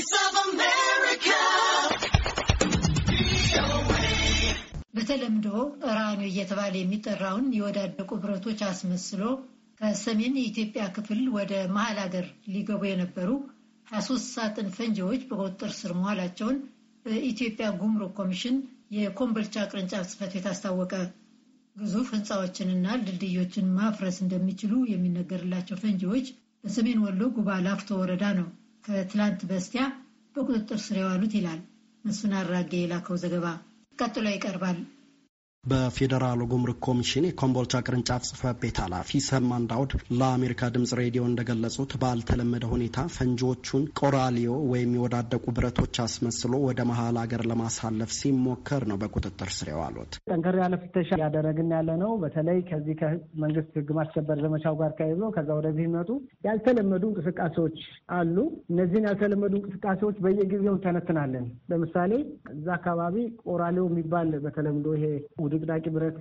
Voice of America. በተለምዶ ራኒዮ እየተባለ የሚጠራውን የወዳደቁ ብረቶች አስመስሎ ከሰሜን የኢትዮጵያ ክፍል ወደ መሀል ሀገር ሊገቡ የነበሩ 23 ሳጥን ፈንጂዎች በቁጥጥር ስር መዋላቸውን በኢትዮጵያ ጉምሩክ ኮሚሽን የኮምበልቻ ቅርንጫፍ ጽፈት ቤት አስታወቀ። ግዙፍ ህንፃዎችንና ድልድዮችን ማፍረስ እንደሚችሉ የሚነገርላቸው ፈንጂዎች በሰሜን ወሎ ጉባ ላፍቶ ወረዳ ነው ከትላንት በስቲያ በቁጥጥር ስር የዋሉት ይላል መስፍን አራጌ የላከው ዘገባ ቀጥሎ ይቀርባል። በፌዴራሉ ጉምሩክ ኮሚሽን የኮምቦልቻ ቅርንጫፍ ጽህፈት ቤት ኃላፊ ሰማን ዳውድ ለአሜሪካ ድምጽ ሬዲዮ እንደገለጹት ባልተለመደ ሁኔታ ፈንጂዎቹን ቆራሊዮ ወይም የወዳደቁ ብረቶች አስመስሎ ወደ መሀል ሀገር ለማሳለፍ ሲሞከር ነው በቁጥጥር ስር የዋሉት። ጠንከር ያለ ፍተሻ እያደረግን ያለ ነው። በተለይ ከዚህ ከመንግስት ህግ ማስከበር ዘመቻው ጋር ተያይዞ ከዛ ወደዚህ ይመጡ ያልተለመዱ እንቅስቃሴዎች አሉ። እነዚህን ያልተለመዱ እንቅስቃሴዎች በየጊዜው እንተነትናለን። ለምሳሌ እዛ አካባቢ ቆራሊዮ የሚባል በተለምዶ ይሄ ድቅዳቂ ብረት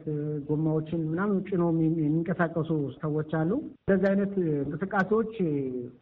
ጎማዎችን ምናምን ጭኖ የሚንቀሳቀሱ ሰዎች አሉ። እንደዚህ አይነት እንቅስቃሴዎች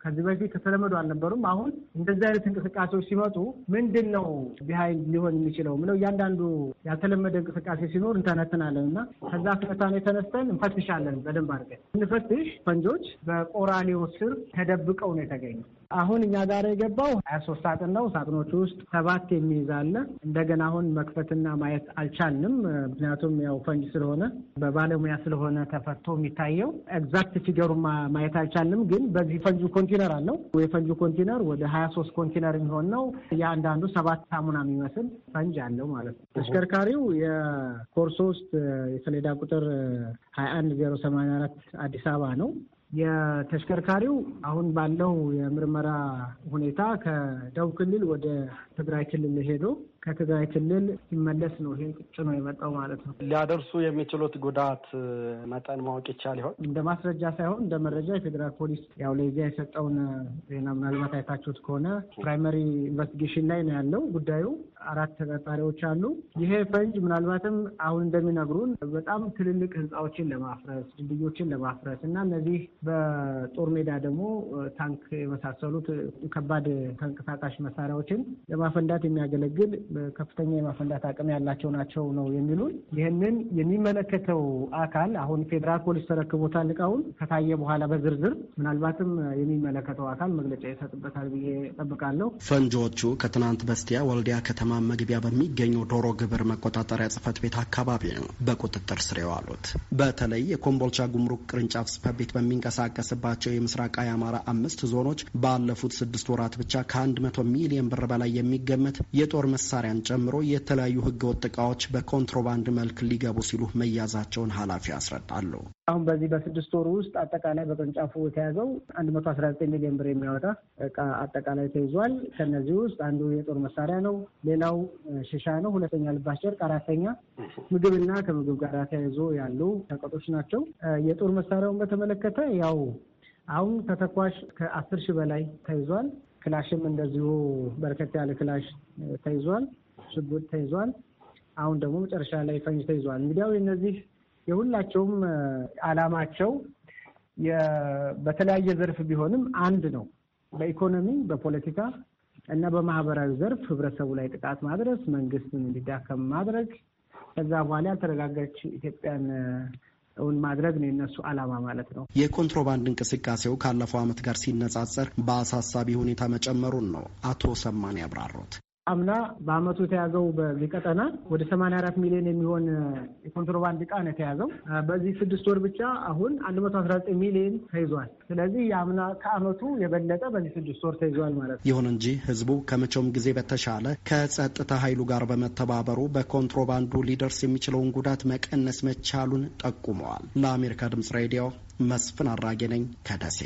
ከዚህ በፊት ተለመዱ አልነበሩም። አሁን እንደዚህ አይነት እንቅስቃሴዎች ሲመጡ ምንድን ነው ቢሃይንድ ሊሆን የሚችለው ምለው እያንዳንዱ ያልተለመደ እንቅስቃሴ ሲኖር እንተነትናለን እና ከዛ ፍነታን የተነስተን እንፈትሻለን። በደንብ አድርገን እንፈትሽ ፈንጆች በቆራሌው ስር ተደብቀው ነው የተገኙ አሁን እኛ ጋር የገባው ሀያ ሶስት ሳጥን ነው። ሳጥኖቹ ውስጥ ሰባት የሚይዝ አለ። እንደገና አሁን መክፈትና ማየት አልቻልንም። ምክንያቱም ያው ፈንጅ ስለሆነ በባለሙያ ስለሆነ ተፈቶ የሚታየው ኤግዛክት ፊገሩ ማየት አልቻልንም። ግን በዚህ ፈንጁ ኮንቴነር አለው። የፈንጁ ኮንቴነር ወደ ሀያ ሶስት ኮንቴነር የሚሆን ነው። የአንዳንዱ ሰባት ሳሙና የሚመስል ፈንጅ አለው ማለት ነው። ተሽከርካሪው የኮርሶ ውስጥ የሰሌዳ ቁጥር ሀያ አንድ ዜሮ ሰማንያ አራት አዲስ አበባ ነው። የተሽከርካሪው አሁን ባለው የምርመራ ሁኔታ ከደቡብ ክልል ወደ ትግራይ ክልል ሄዶ ከትግራይ ክልል ሲመለስ ነው ይሄ ጭኖ የመጣው ማለት ነው። ሊያደርሱ የሚችሉት ጉዳት መጠን ማወቅ ይቻል ይሆን? እንደ ማስረጃ ሳይሆን እንደ መረጃ የፌዴራል ፖሊስ ያው ለዚያ የሰጠውን ዜና ምናልባት አይታችሁት ከሆነ ፕራይመሪ ኢንቨስቲጌሽን ላይ ነው ያለው ጉዳዩ። አራት ተጠርጣሪዎች አሉ። ይሄ ፈንጅ ምናልባትም አሁን እንደሚነግሩን በጣም ትልልቅ ህንፃዎችን ለማፍረስ፣ ድልድዮችን ለማፍረስ እና እነዚህ በጦር ሜዳ ደግሞ ታንክ የመሳሰሉት ከባድ ተንቀሳቃሽ መሳሪያዎችን ለማፈንዳት የሚያገለግል ከፍተኛ የማፈንዳት አቅም ያላቸው ናቸው ነው የሚሉን። ይህንን የሚመለከተው አካል አሁን ፌዴራል ፖሊስ ተረክቦታል እቃውን ከታየ በኋላ በዝርዝር ምናልባትም የሚመለከተው አካል መግለጫ ይሰጥበታል ብዬ ጠብቃለሁ። ፈንጂዎቹ ከትናንት በስቲያ ወልዲያ ከተማ መግቢያ በሚገኘው ዶሮ ግብር መቆጣጠሪያ ጽህፈት ቤት አካባቢ ነው በቁጥጥር ስር የዋሉት። በተለይ የኮምቦልቻ ጉምሩክ ቅርንጫፍ ጽህፈት ቤት በሚንቀሳቀስባቸው ቃይ አማራ አምስት ዞኖች ባለፉት ስድስት ወራት ብቻ ከአንድ መቶ ሚሊዮን ብር በላይ የሚገመት የጦር መሳ መሳሪያን ጨምሮ የተለያዩ ህገወጥ እቃዎች በኮንትሮባንድ መልክ ሊገቡ ሲሉ መያዛቸውን ኃላፊ ያስረዳሉ። አሁን በዚህ በስድስት ወሩ ውስጥ አጠቃላይ በቅርንጫፉ የተያዘው አንድ መቶ አስራ ዘጠኝ ሚሊዮን ብር የሚያወጣ እቃ አጠቃላይ ተይዟል። ከነዚህ ውስጥ አንዱ የጦር መሳሪያ ነው። ሌላው ሽሻ ነው። ሁለተኛ ልባስ ጨርቅ፣ አራተኛ ምግብና ከምግብ ጋር ተያይዞ ያሉ ሸቀጦች ናቸው። የጦር መሳሪያውን በተመለከተ ያው አሁን ተተኳሽ ከአስር ሺህ በላይ ተይዟል። ክላሽም እንደዚሁ በርከት ያለ ክላሽ ተይዟል፣ ሽጉጥ ተይዟል። አሁን ደግሞ መጨረሻ ላይ ፈንጅ ተይዟል። እንግዲያው እነዚህ የሁላቸውም አላማቸው በተለያየ ዘርፍ ቢሆንም አንድ ነው። በኢኮኖሚ፣ በፖለቲካ እና በማህበራዊ ዘርፍ ህብረተሰቡ ላይ ጥቃት ማድረስ፣ መንግስትን እንዲዳከም ማድረግ ከዛ በኋላ ያልተረጋጋች ኢትዮጵያን እውን ማድረግ ነው የነሱ አላማ ማለት ነው። የኮንትሮባንድ እንቅስቃሴው ካለፈው ዓመት ጋር ሲነጻጸር በአሳሳቢ ሁኔታ መጨመሩን ነው አቶ ሰማን ያብራሩት። አምና በአመቱ የተያዘው በዚህ ቀጠና ወደ 84 ሚሊዮን የሚሆን የኮንትሮባንድ እቃ ነው የተያዘው። በዚህ ስድስት ወር ብቻ አሁን 119 ሚሊዮን ተይዟል። ስለዚህ የአምና ከአመቱ የበለጠ በዚህ ስድስት ወር ተይዟል ማለት ነው። ይሁን እንጂ ህዝቡ ከመቼውም ጊዜ በተሻለ ከጸጥታ ኃይሉ ጋር በመተባበሩ በኮንትሮባንዱ ሊደርስ የሚችለውን ጉዳት መቀነስ መቻሉን ጠቁመዋል። ለአሜሪካ ድምጽ ሬዲዮ መስፍን አራጌ ነኝ ከደሴ።